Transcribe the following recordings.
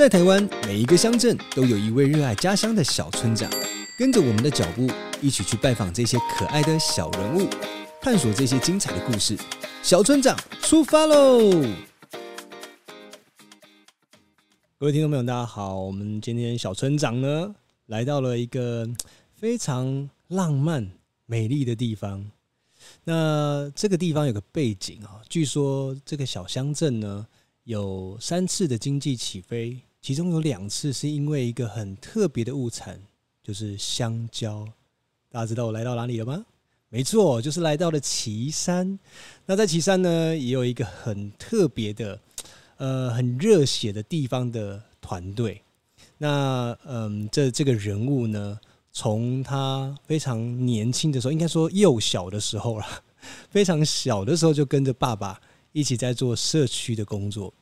在台灣，每一個鄉鎮都有一位熱愛家鄉的小村長。跟着我們的腳步，一起去拜訪這些可愛的小人物，探索這些精彩的故事。小村長出發嘍！各位聽眾朋友，大家好。我們今天小村長呢，來到了一個非常浪漫、美麗的地方。那這個地方有個背景啊，據說這個小鄉鎮呢，有三次的經濟起飛。其中有兩次是因為一個很特別的物產，就是香蕉。大家知道我來到哪裡了嗎？沒錯，就是來到了旗山。那在旗山呢，也有一個很特別的、呃，很熱血的地方的團隊。那嗯、呃，這這個人物呢，從他非常年輕的時候，應該說幼小的時候了、啊，非常小的時候就跟着爸爸一起在做社區的工作。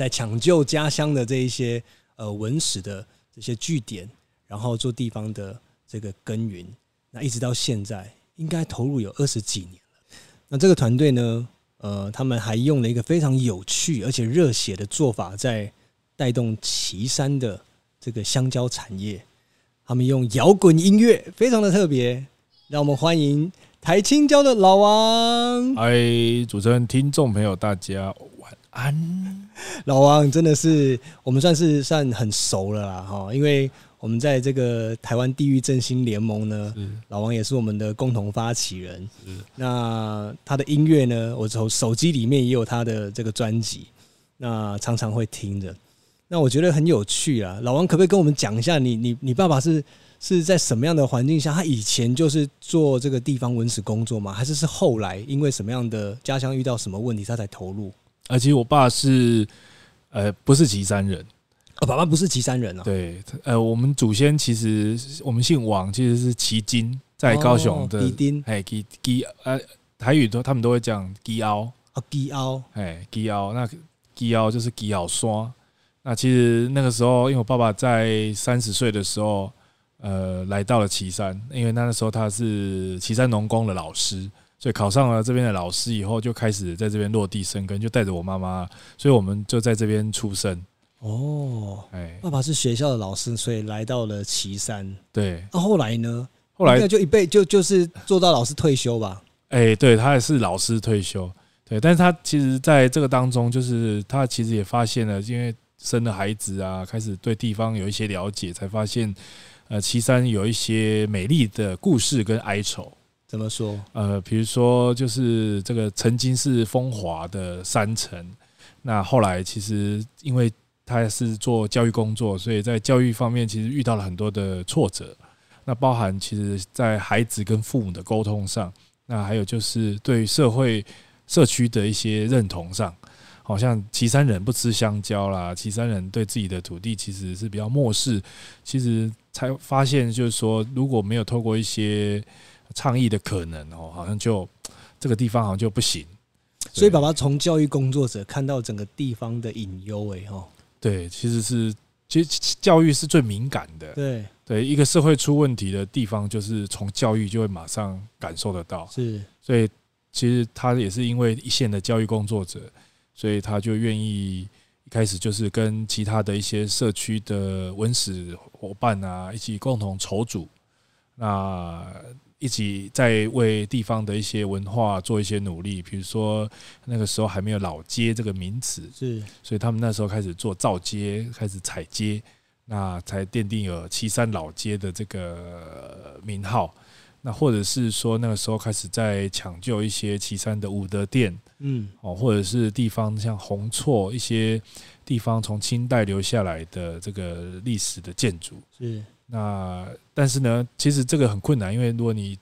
在搶救家鄉的這一些，呃，文史的這些據點，然後做地方的這個耕耘，那一直到現在應該投入有二十幾年了。那這個團隊呢，呃，他們還用了一個非常有趣而且熱血的做法，在帶動旗山的這個香蕉產業。他們用搖滾音樂，非常的特別，讓我們歡迎台青蕉的老王。嗨，主持人、聽眾朋友，大家玩安，嗯、老王真的是我們算是算很熟了啦，哈，因為我們在這個台灣地域振興聯盟呢，老王也是我們的共同發起人。那他的音樂呢，我從手機裡面也有他的這個專輯，那常常會聽着。那我覺得很有趣啊，老王可不可以跟我們講一下，你你你爸爸是是在什麼樣的環境下？他以前就是做這個地方文史工作嗎？還是是後來因為什麼樣的家鄉遇到什麼問題，他才投入？而且我爸是，呃，不是旗山人，我、哦、爸爸不是旗山人啊。對，呃，我們祖先其實我們姓王，其實是旗津在高雄的，哎、哦，旗旗，呃，台語都他們都會講旗後，啊，旗後，哎，旗後，那旗後就是旗後山。那其實那個時候，因為我爸爸在三十歲的時候，呃，來到了旗山，因為那個時候他是旗山農工的老師。所以考上了這邊的老師以後，就開始在這邊落地生根，就帶着我媽媽，所以我們就在這邊出生。哦，哎，爸爸是學校的老師，所以來到了旗山。對，那、啊、後來呢？後來那就一輩就就是做到老師退休吧。哎、欸，對，他也是老師退休。對，但是他其實在這個當中，就是他其實也發現了，因為生了孩子啊，開始對地方有一些了解，才發現，呃，旗山有一些美麗的故事跟哀愁。怎麼說？呃，比如說，就是這個曾經是風華的山城，那後來其實因為他是做教育工作，所以在教育方面其實遇到了很多的挫折。那包含其實在孩子跟父母的溝通上，那還有就是對社會社區的一些認同上，好像旗山人不吃香蕉啦，旗山人對自己的土地其實是比較漠視。其實才發現，就是說，如果沒有透過一些倡議的可能哦，好像就這個地方好像就不行，所以爸爸從教育工作者看到整個地方的隱憂哎哦，對，其實是其實教育是最敏感的，對對，一個社會出問題的地方，就是從教育就會馬上感受得到，是，所以其實他也是因為一線的教育工作者，所以他就願意一開始就是跟其他的一些社區的文史夥伴啊，一起共同籌組那。一起在為地方的一些文化做一些努力，比如說那個時候還沒有老街這個名詞，是，所以他們那時候開始做造街，開始踩街，那才奠定有旗山老街的這個名號。那或者是說那個時候開始在搶救一些旗山的武德殿，嗯，哦，或者是地方像紅錯一些地方從清代留下來的這個歷史的建築，是。那但是呢，其實這個很困難，因為如果你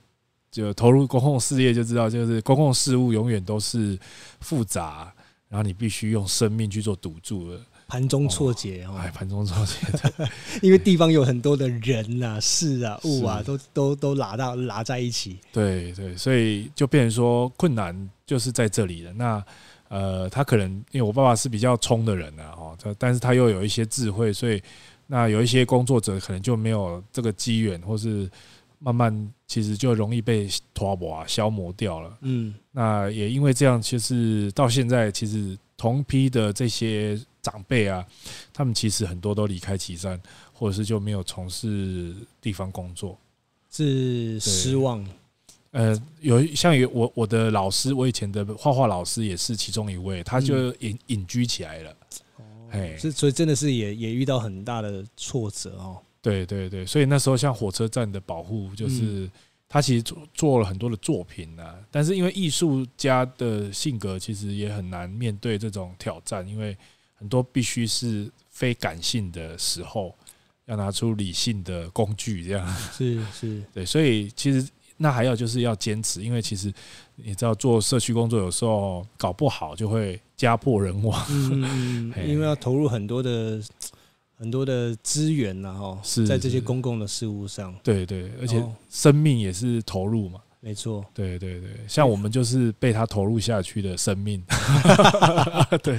就投入公共事業，就知道就是公共事務永遠都是複雜，然後你必須用生命去做賭注了，盤中錯節哦，哦哎，盤中錯節， 因為地方有很多的人啊、啊、事啊、物啊，是都都都拿到拿在一起，對對，所以就變成說困難就是在這裡了。那呃，他可能因為我爸爸是比較衝的人啊哦，他但是他又有一些智慧，所以。那有一些工作者可能就沒有這個機緣，或是慢慢其實就容易被拖磨消磨掉了。嗯，那也因為這樣，其實到現在其實同批的這些長輩啊，他們其實很多都離開旗山，或者是就沒有從事地方工作，是失望。呃，有像有我我的老師，我以前的畫畫老師也是其中一位，他就隱隱居起來了。嗯哎，所以真的是也也遇到很大的挫折哦。對對對，所以那時候像火車站的保護，就是他其實做做了很多的作品呢、啊。但是因為藝術家的性格，其實也很難面對這種挑戰，因為很多必須是非感性的時候，要拿出理性的工具，這樣是是對，所以其實。那還要就是要堅持，因為其實你知道做社區工作，有時候搞不好就會家破人亡，嗯。因為要投入很多的很多的資源，然後在這些公共的事務上。對，對對，而且生命也是投入嘛。沒錯，對對對，像我們就是被他投入下去的生命，對，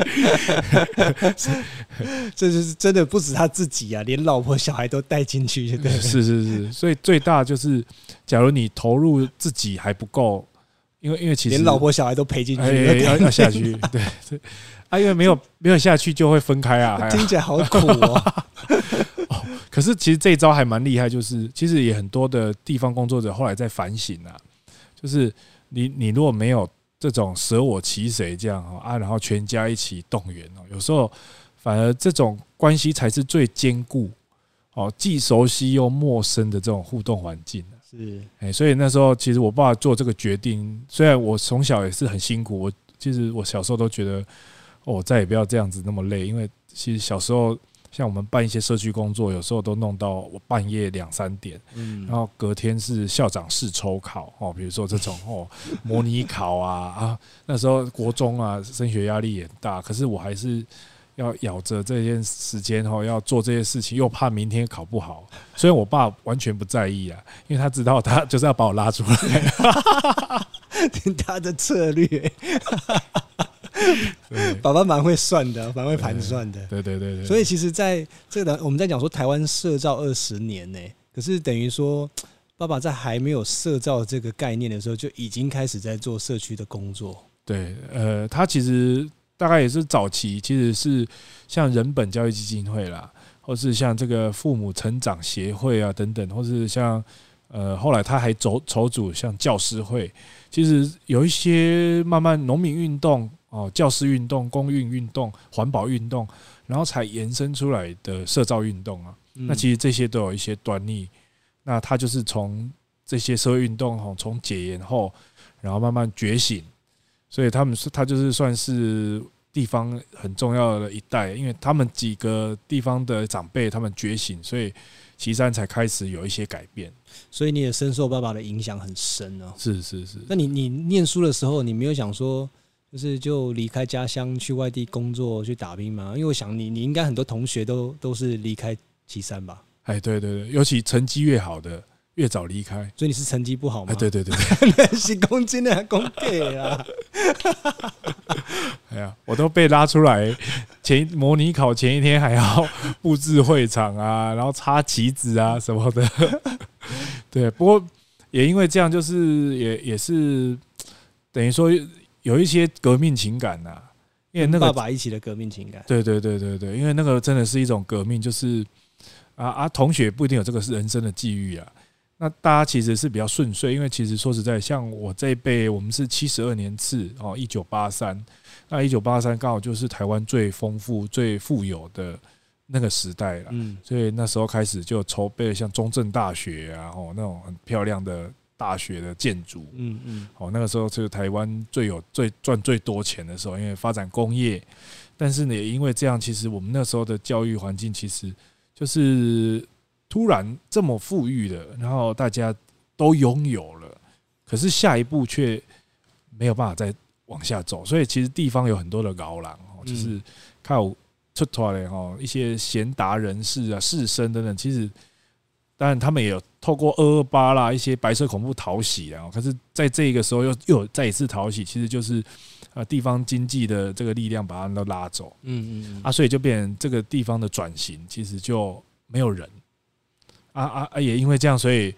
這就是真的不止他自己啊，連老婆小孩都帶進去，是是是，所以最大就是，假如你投入自己還不夠，因為因為其實連老婆小孩都賠進去，要、欸欸欸、下去，對對， 啊，因為沒有沒有下去就會分開啊， 聽起來好苦啊、喔， 哦，可是其實這一招還蠻厲害，就是其實也很多的地方工作者後來在反省啊。就是你，你如果沒有這種捨我其誰這樣啊，然後全家一起動員哦，有時候反而這種關係才是最堅固哦，既熟悉又陌生的這種互動環境。是哎，欸，所以那時候其實我爸做這個決定，雖然我從小也是很辛苦，我其實我小時候都覺得，哦，我再也不要這樣子那麼累，因為其實小時候。像我們辦一些社區工作，有時候都弄到我半夜兩三點，嗯、嗯，然後隔天是校長試抽考哦，比如說這種哦，模擬考啊啊，那時候國中啊，升學壓力也大，可是我還是要咬着這些時間哦，要做這些事情，又怕明天考不好，所以我爸完全不在意啊，因為他知道他就是要把我拉出來， 聽他的策略。 爸爸蠻會算的，蠻會盤算的。對對對，對，對，對，所以其實在，在這個我們在講說台灣社造二十年呢，欸，可是等於說，爸爸在還沒有社造這個概念的時候，就已經開始在做社區的工作。對，呃，他其實大概也是早期，其實是像人本教育基金會啦，或是像這個父母成長協會啊等等，或是像呃後來他還籌籌組像教師會，其實有一些慢慢農民運動。哦，教師運動、公運運動、環保運動，然後才延伸出來的社造運動啊。嗯、那其實這些都有一些端倪。那他就是從這些社會運動吼，從解嚴後，然後慢慢覺醒。所以他們是，他就是算是地方很重要的一代，因為他們幾個地方的長輩他們覺醒，所以旗山才開始有一些改變。所以你也深受爸爸的影響很深啊、哦。是是是，是。那你你念書的時候，你沒有想說？就是就離開家鄉去外地工作去打拼嘛，因為我想你，你應該很多同學都都是離開旗山吧？哎，對對對，尤其成績越好的越早離開，所以你是成績不好嗎？哎，對對對，對，十公斤的工費啊！ 哎呀，我都被拉出來，前模擬考前一天還要布置會場啊，然後插旗子啊什麼的。對，不過也因為這樣，就是也也是等於說。有一些革命情感吶、啊，因為那個爸爸一起的革命情感。對對對對對，對，因為那個真的是一種革命，就是啊啊，同學不一定有這個是人生的際遇啊。那大家其實是比較順遂，因為其實說實在，在，像我這一輩，我們是七十二年次哦，一九八三，那一九八三剛好就是台灣最豐富、最富有的那個時代了。所以那時候開始就籌備像中正大學啊，哦那種很漂亮的。大學的建築，嗯嗯，哦，那個時候是台灣最有最賺最多錢的時候，因為發展工業，但是呢，也因為這樣，其實我們那時候的教育環境其實就是突然這麼富裕的，然後大家都擁有了，可是下一步卻沒有辦法再往下走，所以其實地方有很多的高冷，哦，就是靠出頭的哦，一些賢達人士啊、士紳等等，其實當然他們也有。透過二二八啦，一些白色恐怖討喜啊，可是，在這個時候又又有再一次討喜，其實就是呃、啊、地方經濟的這個力量，把它們都拉走，嗯嗯，嗯啊，所以就變成這個地方的轉型，其實就沒有人，啊啊啊，也因為這樣，所以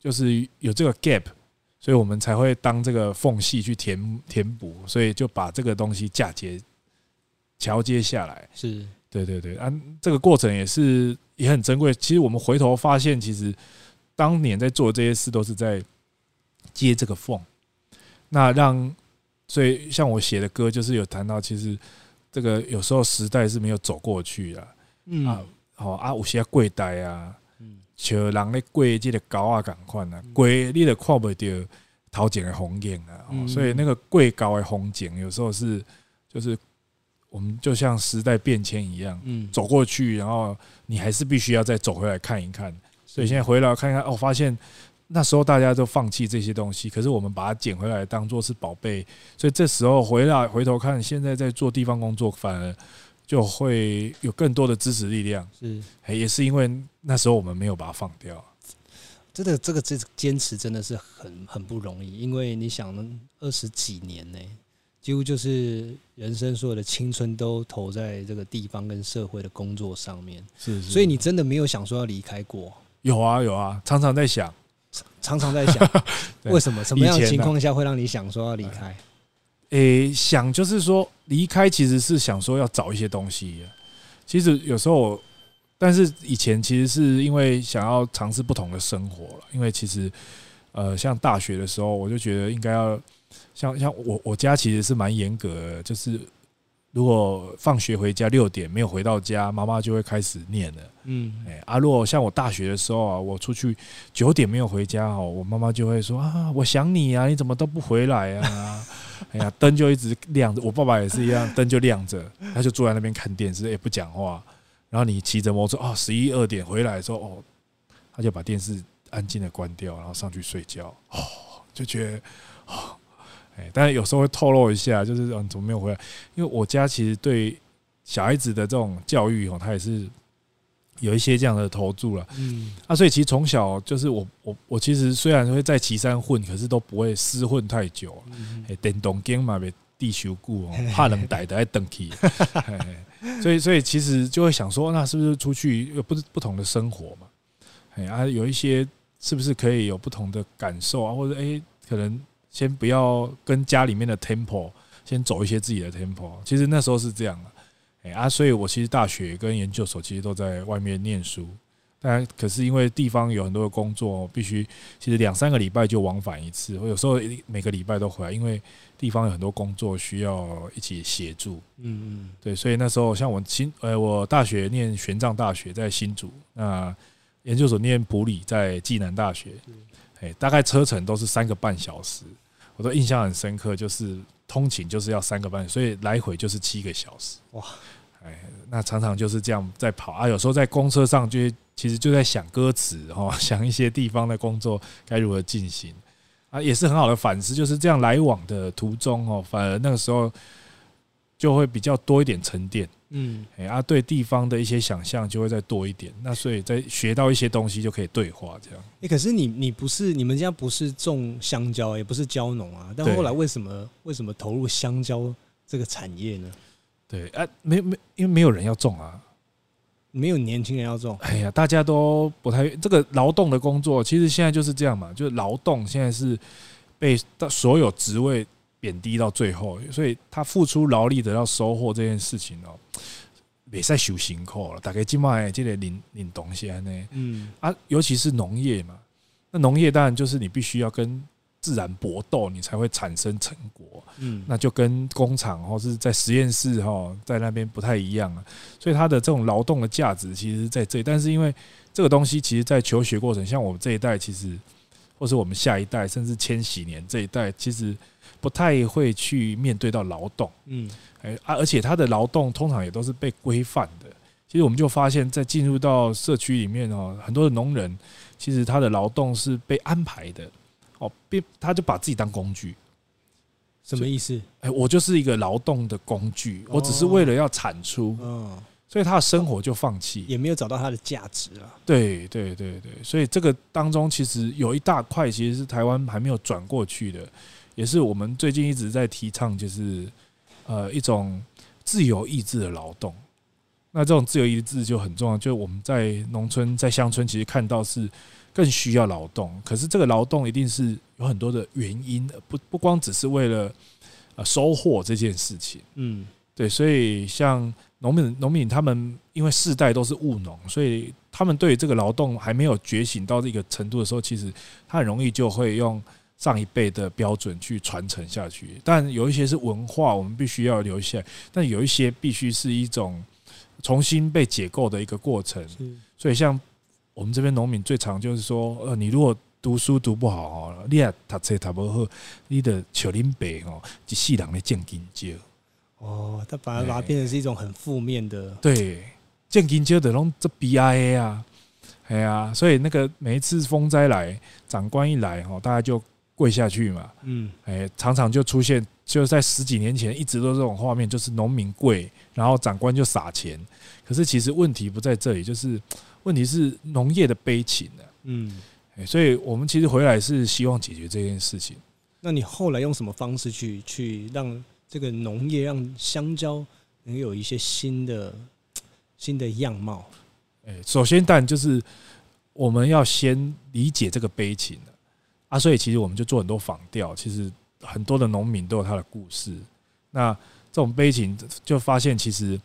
就是有這個 gap，所以我們才會當這個縫隙去填填補，所以就把這個東西嫁接、橋接下來，是對對對，啊，這個過程也是也很珍貴。其實我們回頭發現，其實。當年在做這些事，都是在接這個縫。那讓所以像我寫的歌，就是有談到，其實這個有時候時代是沒有走過去的。嗯啊，好、嗯、啊，啊有些貴呆啊，嗯，就讓那貴記得高啊，趕快啊，跪你的看不到頭前的風景啊。所以那個跪高的風景，有時候是就是我們就像時代變遷一樣，嗯，走過去，然後你還是必須要再走回來看一看。所以現在回來看一看，哦，發現那時候大家都放棄這些東西，可是我們把它撿回來當做是寶貝。所以這時候回來回頭看，現在在做地方工作，反而就會有更多的支持力量。是，也是因為那時候我們沒有把它放掉。真的，這個這堅持真的是很很不容易，因為你想，二十幾年呢，欸，幾乎就是人生所有的青春都投在這個地方跟社會的工作上面。是，是，所以你真的沒有想說要離開過。有啊有啊，常常在想，常常在想， 對為什麼什麼樣的情況下會讓你想說要離開？誒、啊欸，想就是說離開，其實是想說要找一些東西、啊。其實有時候，但是以前其實是因為想要嘗試不同的生活了。因為其實，呃，像大學的時候，我就覺得應該要像像我我家其實是蠻嚴格的，就是。如果放學回家六點沒有回到家，媽媽就會開始念了。嗯，嗯，哎，啊，如果像我大學的時候啊，我出去九點沒有回家哦，我媽媽就會說啊，我想你啊，你怎麼都不回來啊？ 哎呀，燈就一直亮着。我爸爸也是一樣，燈就亮着，他就坐在那邊看電視，也、欸、不講話。然後你騎着摩托哦，十一二點回來的時候，哦，他就把電視安靜的關掉，然後上去睡覺。哦，就覺得，哦。但是有時候會透露一下，就是嗯，怎麼沒有回來？因為我家其實對小孩子的這種教育哦，他也是有一些這樣的投注了。嗯，啊，啊，所以其實從小就是我我我其實雖然會在旗山混，可是都不會廝混太久。哎，凍凍 g 嘛，被地球固哦，怕冷歹的要凍起。所以所以其實就會想說，那是不是出去有不不同的生活嘛？哎啊，有一些是不是可以有不同的感受啊？或者哎，可能。先不要跟家裡面的 tempo，先走一些自己的 tempo。其實那時候是這樣、啊，哎啊，所以我其實大學跟研究所其實都在外面念書。當然，可是因為地方有很多的工作，必須其實兩三個禮拜就往返一次。我有時候每個禮拜都回來，因為地方有很多工作需要一起協助。嗯嗯，對，所以那時候像我新，呃，我大學念玄奘大學在新竹，那研究所念埔里在暨南大學。誒，大概車程都是三個半小時。我印象很深刻，就是通勤就是要三個半小時，所以來回就是七個小時。哇，哎，那常常就是這樣在跑啊，有時候在公車上就其實就在想歌詞哦，想一些地方的工作該如何進行啊，也是很好的反思。就是這樣來往的途中哦，反而那個時候。就會比較多一點沉澱，嗯，哎，啊，對地方的一些想象就會再多一點，那所以在學到一些東西就可以對話這樣。可是你你不是你們家不是種香蕉，也不是蕉農啊，但後來為什麼為什麼投入香蕉這個產業呢？對啊，沒沒，因為沒有人要種啊，沒有年輕人要種。哎呀，大家都不太這個勞動的工作，其實現在就是這樣嘛，就是勞動現在是被所有職位貶低到最後，所以他付出勞力得到收穫這件事情哦，沒再受辛苦了，大概今晚還得領領東西呢。嗯啊，尤其是農業嘛，那農業當然就是你必須要跟自然搏鬥，你才會產生成果。嗯，那就跟工廠或、哦、是在實驗室哈、哦，在那邊不太一樣、啊、所以他的這種勞動的價值其實在這，但是因為這個東西其實在求學過程，像我們這一代，其實或是我們下一代，甚至千禧年這一代，其實。不太會去面對到勞動，嗯，哎啊，而且他的勞動通常也都是被規範的。其實我們就發現，在進入到社區裡面哦，很多的農人，其實他的勞動是被安排的哦，別他就把自己當工具，什麼意思？哎，我就是一個勞動的工具，我只是為了要產出，嗯，所以他的生活就放棄，也沒有找到他的價值啊。對對對對，對，所以這個當中其實有一大塊，其實是台灣還沒有轉過去的。也是我們最近一直在提倡，就是，呃，一種自由意志的勞動。那這種自由意志就很重要，就我們在農村、在鄉村，其實看到是更需要勞動。可是這個勞動一定是有很多的原因的，不不光只是為了呃收穫這件事情。嗯，對。所以像農民農民他們，因為世代都是務農，所以他們對這個勞動還沒有覺醒到這個程度的時候，其實他很容易就會用。上一輩的標準去傳承下去，但有一些是文化，我們必須要留下；但有一些必須是一種重新被解構的一個過程是。所以，像我們這邊農民最常就是說：“呃，你如果讀書讀不好哦，你啊，他書他不好你的小林北哦，就一世人的劍金蕉。”哦，他反而把它變成是一種很負面的對、啊。對，劍金蕉的攏這悲哀啊，哎呀，所以那個每一次風災來，長官一來哦，大家就。跪下去嘛，嗯，哎、欸，常常就出現，就在十幾年前一直都這種畫面，就是農民跪，然後長官就撒錢。可是其實問題不在這裡，就是問題是農業的悲情、啊、嗯、欸，所以我們其實回來是希望解決這件事情。那你後來用什麼方式去去讓這個農業，讓香蕉能有一些新的新的樣貌？哎、欸，首先但就是我們要先理解這個悲情、啊啊，所以其實我們就做很多訪調，其實很多的農民都有他的故事。那這種悲情，就發現其實，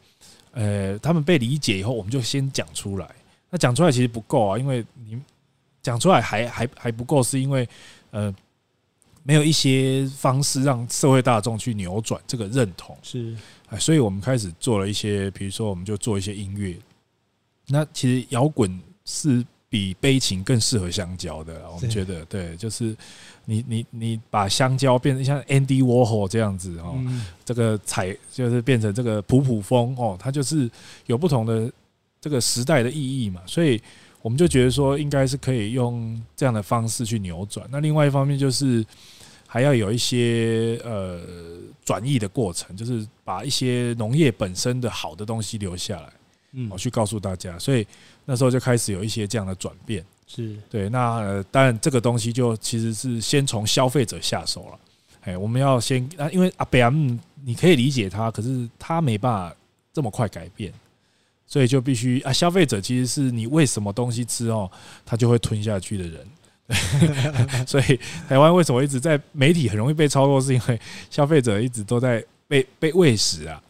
呃，他們被理解以後，我們就先講出來。那講出來其實不夠啊，因為你講出來還還還不夠，是因為呃，沒有一些方式讓社會大眾去扭轉這個認同。是，所以我們開始做了一些，比如說我們就做一些音樂。那其實搖滾是。比悲情更適合香蕉的，是 我們覺得，對，就是你你你把香蕉變成像 Andy Warhol 這樣子哦，嗯、這個彩就是變成這個普普風哦，它就是有不同的這個時代的意義嘛，所以我們就覺得說應該是可以用這樣的方式去扭轉。那另外一方面就是還要有一些呃轉譯的過程，就是把一些農業本身的好的東西留下來。我去告訴大家，所以那時候就開始有一些這樣的轉變，是對。那、呃、當然，這個東西就其實是先從消費者下手了。誒，我們要先啊，因為阿伯，你可以理解他，可是他沒辦法這麼快改變，所以就必須啊，消費者其實是你餵什麼東西吃哦、喔，他就會吞下去的人。 所以台灣為什麼一直在媒體很容易被操作，是因為消費者一直都在被被餵食啊。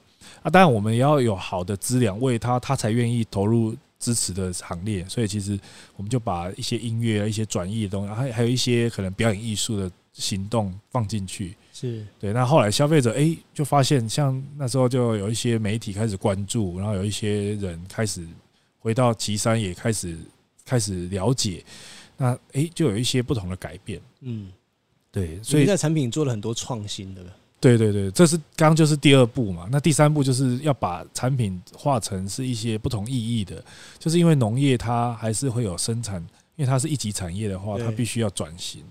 但我們要有好的資料，為他，他才願意投入支持的行列。所以其實我們就把一些音樂、一些轉譯的東西，還還有一些可能表演藝術的行動放進去。是對。那後來消費者哎、欸，就發現像那時候就有一些媒體開始關注，然後有一些人開始回到旗山，也開始開始了解。那哎、欸，就有一些不同的改變。嗯，對，所以你在產品做了很多創新的。對對對，這是剛剛就是第二步嘛。那第三步就是要把產品化成是一些不同意義的，就是因為農業它還是會有生產，因為它是一級產業的話，它必須要轉型。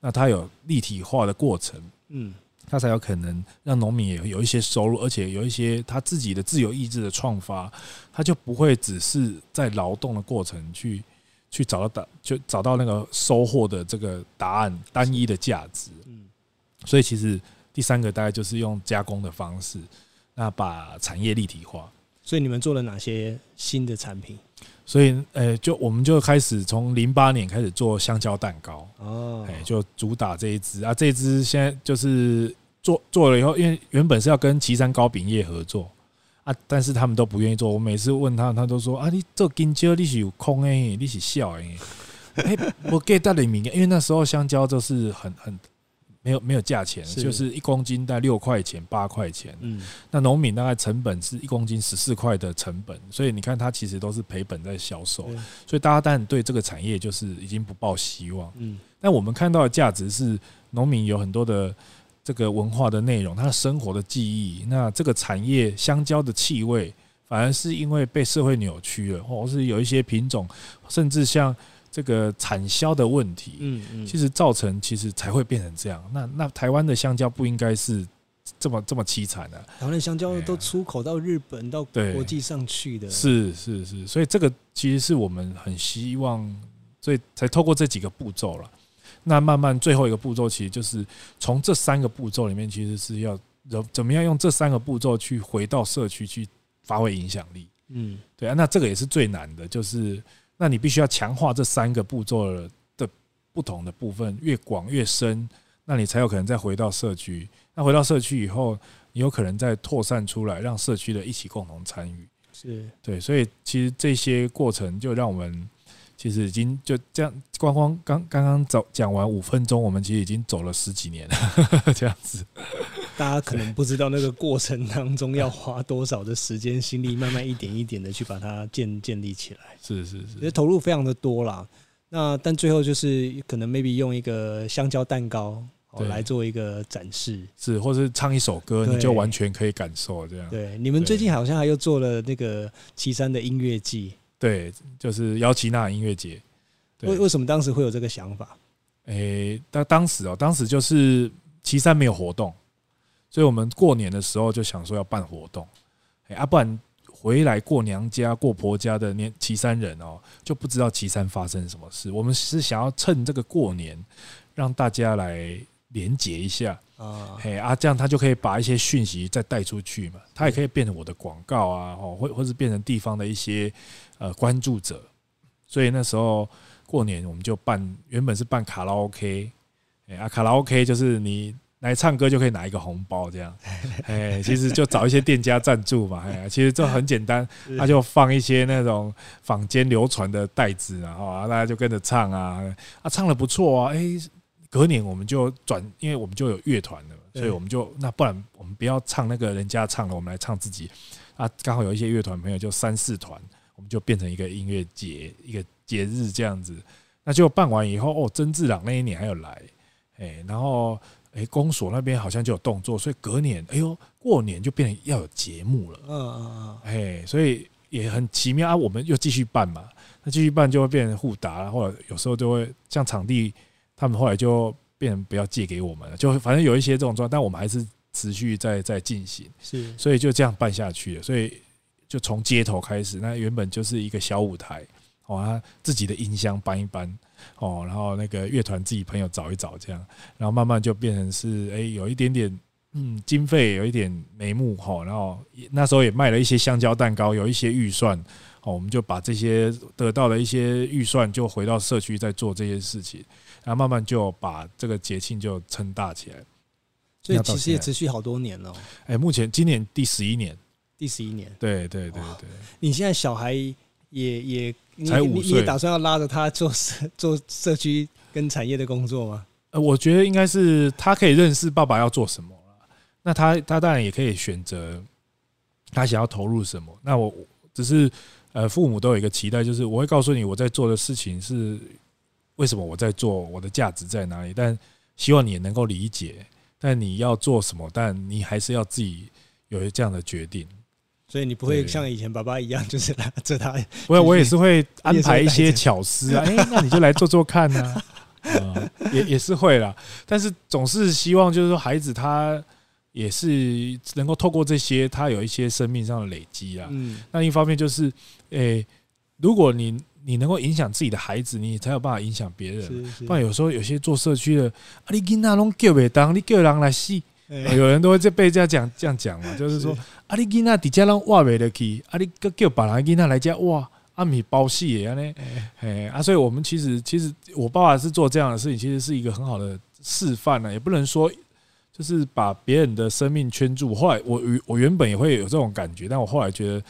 那它有立體化的過程，嗯，它才有可能讓農民也有一些收入，而且有一些他自己的自由意志的創發，他就不會只是在勞動的過程去去找到答，就找到那個收穫的這個答案單一的價值。嗯，所以其實。第三個大概就是用加工的方式，那把產業立體化。所以你們做了哪些新的產品？所以，呃、欸，就我們就開始從零八年開始做香蕉蛋糕哦，哎、欸，就主打這一支啊。這支現在就是做做了以後，因為原本是要跟旗山糕餅業合作啊，但是他們都不願意做。我每次問他，他都說啊，你做金蕉你是有空哎，你是笑哎。我給大家明，因為那時候香蕉就是很很。沒有沒有價錢，是錢，就是一公斤帶六塊錢八塊錢。嗯，那農民大概成本是一公斤十四塊的成本，所以你看他其實都是賠本在銷售。嗯，所以大家當然對這個產業就是已經不抱希望。嗯，但我們看到的價值是農民有很多的這個文化的內容，他的生活的記憶。那這個產業香蕉的氣味，反而是因為被社會扭曲了，或者，哦，是有一些品種，甚至像，這個產銷的問題，嗯嗯，其實造成其實才會變成這樣那。那那台灣的香蕉不應該是這麼這麼淒慘的？台灣的香蕉都出口到日本到國際上去的，是是是。所以這個其實是我們很希望，所以才透過這幾個步驟了。那慢慢最後一個步驟，其實就是從這三個步驟裡面，其實是要要怎麼樣用這三個步驟去回到社區去發揮影響力？嗯，對啊。那這個也是最難的，就是。那你必須要強化這三個步驟的不同的部分，越廣越深，那你才有可能再回到社區。那回到社區以後，你有可能再擴散出來，讓社區的一起共同參與。是對，所以其實這些過程就讓我們其實已經就這樣，光光剛剛剛走講完五分鐘，我們其實已經走了十幾年了，這樣子。大家可能不知道那個過程當中要花多少的時間心力，慢慢一點一點的去把它建建立起來。是是是，因為投入非常的多啦。那但最後就是可能 maybe 用一個香蕉蛋糕、喔、來做一個展示，是，或是唱一首歌，你就完全可以感受這樣。對，你們最近好像還有做了那個旗山的音樂季，對，就是姚奇娜音樂節。為為什麼當時會有這個想法？哎，但當時哦，當時就是旗山沒有活動。所以我們過年的時候就想說要辦活動，啊，不然回來過娘家、過婆家的年，旗山人哦、喔，就不知道旗山發生什麼事。我們是想要趁這個過年，讓大家來連接一下啊，嘿啊，這樣他就可以把一些訊息再帶出去嘛。他也可以變成我的廣告啊，或或是變成地方的一些呃關注者。所以那時候過年我們就辦，原本是辦卡拉 OK，哎、啊，卡拉 OK 就是你。來唱歌就可以拿一個紅包，這樣，哎，其實就找一些店家贊助嘛，哎，其實就很簡單，他就放一些那種坊間流傳的帶子啊，啊，大家就跟着唱啊，啊，唱得不錯啊，哎，隔年我們就轉，因為我們就有樂團了，所以我們就那不然我們不要唱那個人家唱了，我們來唱自己，啊，剛好有一些樂團朋友就三四團，我們就變成一個音樂節，一個節日這樣子，那就辦完以後，哦，曾志朗那一年還有來，哎，然後。哎、欸，公所那邊好像就有動作，所以隔年，哎呦，過年就變成要有節目了。嗯嗯嗯，誒，所以也很奇妙啊。我們又繼續辦嘛，那繼續辦就會變成互答，或者有時候就會像場地，他們後來就變成不要借給我們了，就反正有一些這種狀況，但我們還是持續在在進行。是，所以就這樣辦下去了。所以就從街頭開始，那原本就是一個小舞台。哦，他自己的音箱搬一搬，哦，然後那個樂團自己朋友找一找，這樣，然後慢慢就變成是，哎，有一點點，嗯，經費有一點眉目，吼、哦，然後也那時候也賣了一些香蕉蛋糕，有一些預算，哦，我們就把這些得到了一些預算，就回到社區再做這些事情，然後慢慢就把這個節慶就撐大起來。所以其實也持續好多年了。哎、哦，目前今年第十一年，第十一年，對對對對，對、哦，你現在小孩也也。你你你打算要拉着他做社做社區跟產業的工作嗎？呃，我覺得應該是他可以認識爸爸要做什麼。那他他當然也可以選擇他想要投入什麼。那我只是呃，父母都有一個期待，就是我會告訴你我在做的事情是為什麼我在做，我的價值在哪裡。但希望你也能夠理解。但你要做什麼，但你還是要自己有這樣的決定。所以你不會像以前爸爸一樣，就是拉着他。我我也是會安排一些巧思啊，哎、欸，那你就來做做看呢、啊嗯，也也是會啦，但是總是希望，就是說孩子他也是能夠透過這些，他有一些生命上的累積啊。嗯。那一方面就是，誒、欸，如果你你能夠影響自己的孩子，你才有辦法影響別人。是是，不然有時候有些做社區的，啊，你囡啊攏叫袂當，你叫人來死。 啊、有人都會被這樣講，這樣講嘛，就是說是，阿、啊、里吉納底下、啊、人挖袂得去，阿里個叫巴拉吉納來家哇，阿米包死誒樣、欸欸、啊，所以我們其實其實我爸爸是做這樣的事情，其實是一個很好的示範呢，也不能說就是把別人的生命圈住。後來我我原本也會有這種感覺，但我後來覺得。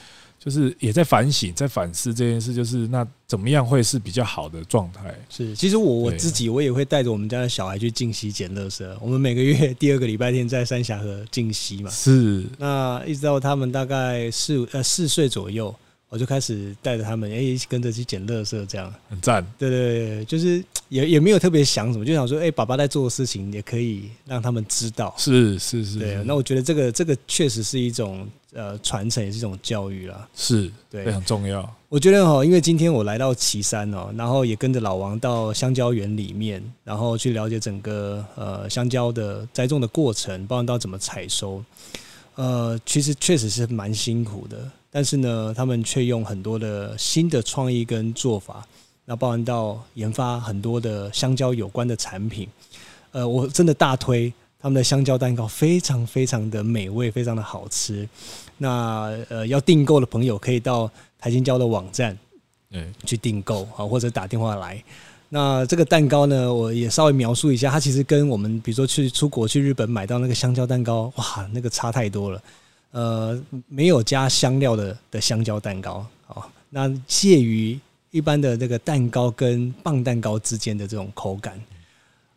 就是也在反省，在反思這件事，就是那怎麼樣會是比較好的狀態？是，其實我我自己，我也會帶着我們家的小孩去淨溪撿垃圾。我們每個月第二個禮拜天在三峽河淨溪嘛。是，那一直到他們大概四五呃四歲左右，我就開始帶着他們，哎、欸，一起跟着去撿垃圾，這樣很讚。對對對，就是也也沒有特別想什麼，就想說，哎、欸，爸爸在做的事情，也可以讓他們知道是。是是是，是是對，那我覺得這個這個確實是一種。呃，傳承也是一種教育啊，是，對非常重要。我覺得哈，因為今天我來到旗山哦，然後也跟着老王到香蕉園裡面，然後去了解整個呃香蕉的栽種的過程，包含到怎麼採收。呃，其實確實是蠻辛苦的，但是呢，他們卻用很多的新的創意跟做法，那包含到研發很多的香蕉有關的產品。呃，我真的大推。他們的香蕉蛋糕非常非常的美味，非常的好吃。那呃，要訂購的朋友可以到台青蕉的網站嗯去訂購啊，或者打電話來。那這個蛋糕呢，我也稍微描述一下，它其實跟我們比如說去出國去日本買到那個香蕉蛋糕，哇，那個差太多了。呃，沒有加香料的的香蕉蛋糕，哦，那介於一般的那個蛋糕跟磅蛋糕之間的這種口感。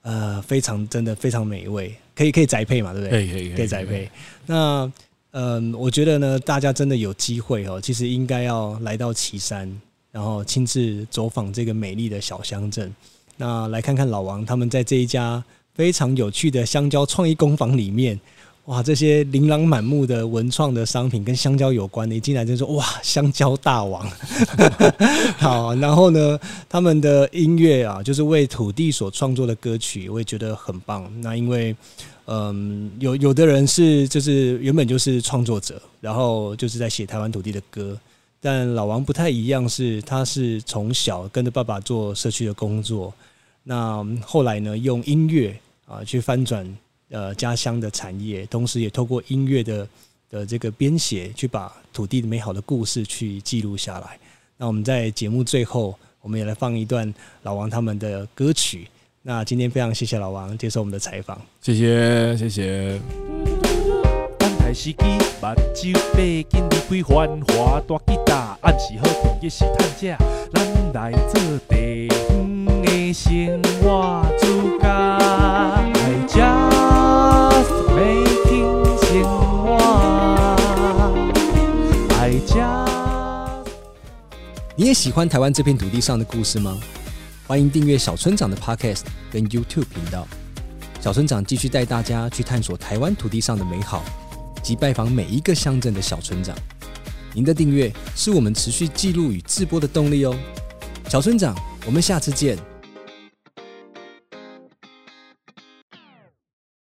呃，非常真的非常美味，可以可以宅配嘛，對不對？Hey, hey, hey, 可以可以可以宅配。Hey, hey, hey, hey. 那嗯、呃，我覺得呢，大家真的有機會哦，其實應該要來到旗山，然後親自走訪這個美麗的小鄉鎮，那來看看老王他們在這一家非常有趣的香蕉創意工坊裡面。哇，這些琳琅滿目的文創的商品跟香蕉有關的，一進來就說哇，香蕉大王。 好，然後呢，他們的音樂啊，就是為土地所創作的歌曲，我也覺得很棒。那因為，嗯，有有的人是就是原本就是創作者，然後就是在寫台灣土地的歌，但老王不太一樣是，是他是從小跟着爸爸做社區的工作，那後來呢，用音樂啊去翻轉。呃，家鄉的產業，同時也透過音樂的的、呃、這個編寫，去把土地的美好的故事去記錄下來。那我們在節目最後，我們也來放一段老王他們的歌曲。那今天非常謝謝老王接受我們的採訪，謝謝謝謝。嗯你也喜歡台灣這片土地上的故事嗎？歡迎訂閱小村長的 Podcast 跟 YouTube 頻道。小村長繼續帶大家去探索台灣土地上的美好，及拜訪每一個鄉鎮的小村長。您的訂閱是我們持續記錄與製播的動力哦。小村長，我們下次見。